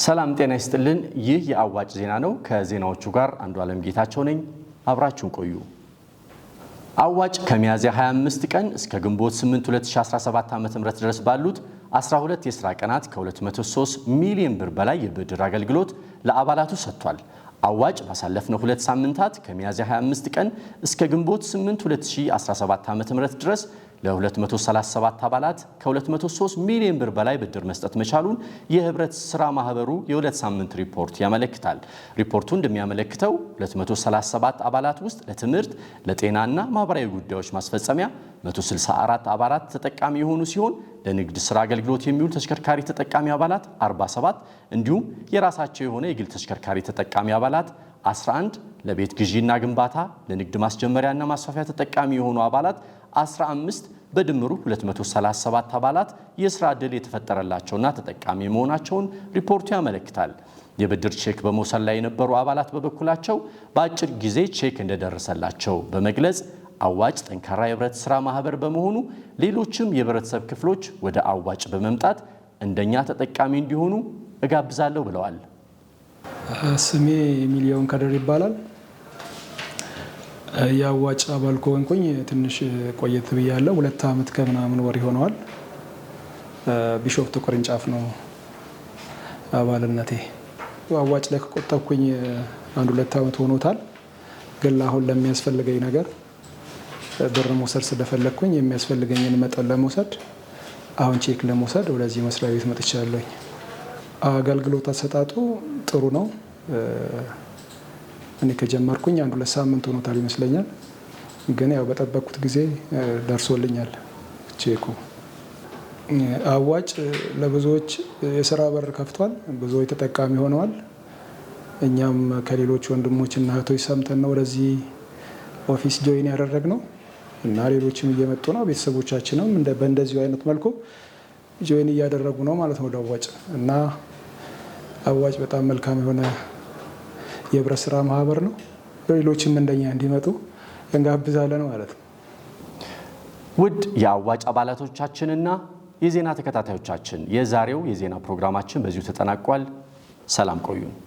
ሰላም ጤና ይስጥልን። ይህ የአዋጭ ዜና ነው። ከዜናዎቹ ጋር አንዱ ዓለም ጌታቸው ነኝ። አብራችሁን ቆዩ። አዋጭ ከሚያዝያ 25 ቀን እስከ ግንቦት 8 2017 ዓ.ም ድረስ ባሉት 12 የሥራ ቀናት ከ203 ሚሊዮን ብር በላይ የብድር አገልግሎት ለአባላቱ ሰጥቷል። አዋጭ ባሳለፍነው ሁለት ሳምንታት ከሚያዝያ 25 ቀን እስከ ግንቦት 8 2017 ዓ.ም ድረስ ለ237 አባላት ከ203 ሚሊዮን ብር በላይ ብድር መስጠት መቻሉን የህብረት ስራ ማህበሩ የሁለት ሳምንት ሪፖርት ያመለክታል። ሪፖርቱ እንደሚያመለክተው 237 አባላት ውስጥ ለትምህርት፣ ለጤናና ማህበራዊ ጉዳዮች ማስፈጸሚያ 164 አባላት ተጠቃሚ የሆኑ ሲሆን ለንግድ ስራ አገልግሎት የሚውል ተሽከርካሪ ተጠቃሚ አባላት 47 እንዲሁም የራሳቸው የሆነ የግል ተሽከርካሪ ተጠቃሚ አባላት 11 ለቤት ግዢና ግንባታ፣ ለንግድ ማስጀመሪያና ማስፋፊያ ተጠቃሚ የሆኑ አባላት 15 በድምሩ 237 አባላት የስራ ዕድል የተፈጠረላቸውና ተጠቃሚ መሆናቸውን ሪፖርቱ ያመለክታል። የብድር ቼክ በመውሰድ ላይ የነበሩ አባላት በበኩላቸው በአጭር ጊዜ ቼክ እንደደረሰላቸው በመግለጽ አዋጭ ጠንካራ የህብረት ስራ ማህበር በመሆኑ ሌሎችም የህብረተሰብ ክፍሎች ወደ አዋጭ በመምጣት እንደኛ ተጠቃሚ እንዲሆኑ እጋብዛለሁ ብለዋል። ስሜ ሚሊዮን ከደር ይባላል። የአዋጭ አባል ከሆንኩኝ ትንሽ ቆየት ብያለሁ። ሁለት ዓመት ከምናምን ወር ይሆነዋል። ቢሾፍቱ ቅርንጫፍ ነው አባልነቴ። አዋጭ ላይ ከቆጠብኩኝ አንድ ሁለት ዓመት ሆኖታል። ግን አሁን ለሚያስፈልገኝ ነገር ብር መውሰድ ስለፈለግኩኝ የሚያስፈልገኝን መጠን ለመውሰድ አሁን ቼክ ለመውሰድ ወደዚህ መስሪያ ቤት መጥቻለሁኝ። አገልግሎት አሰጣጡ ጥሩ ነው። እኔ ከጀመርኩኝ አንድ ሁለት ሳምንት ሆኖታል ይመስለኛል። ግን ያው በጠበቅኩት ጊዜ ደርሶልኛል ቼኩ። አዋጭ ለብዙዎች የስራ በር ከፍቷል፣ ብዙዎች ተጠቃሚ ሆነዋል። እኛም ከሌሎች ወንድሞችና እህቶች ሰምተን ነው ወደዚህ ኦፊስ ጆይን ያደረግ ነው እና ሌሎችም እየመጡ ነው። ቤተሰቦቻችንም በእንደዚሁ አይነት መልኩ ጆይን እያደረጉ ነው ማለት ነው ወደ አዋጭ እና አዋጭ በጣም መልካም የሆነ የህብረት ስራ ማህበር ነው። ሌሎችም እንደኛ እንዲመጡ እንጋብዛለን ማለት ነው። ውድ የአዋጭ አባላቶቻችንና የዜና ተከታታዮቻችን የዛሬው የዜና ፕሮግራማችን በዚሁ ተጠናቋል። ሰላም ቆዩን።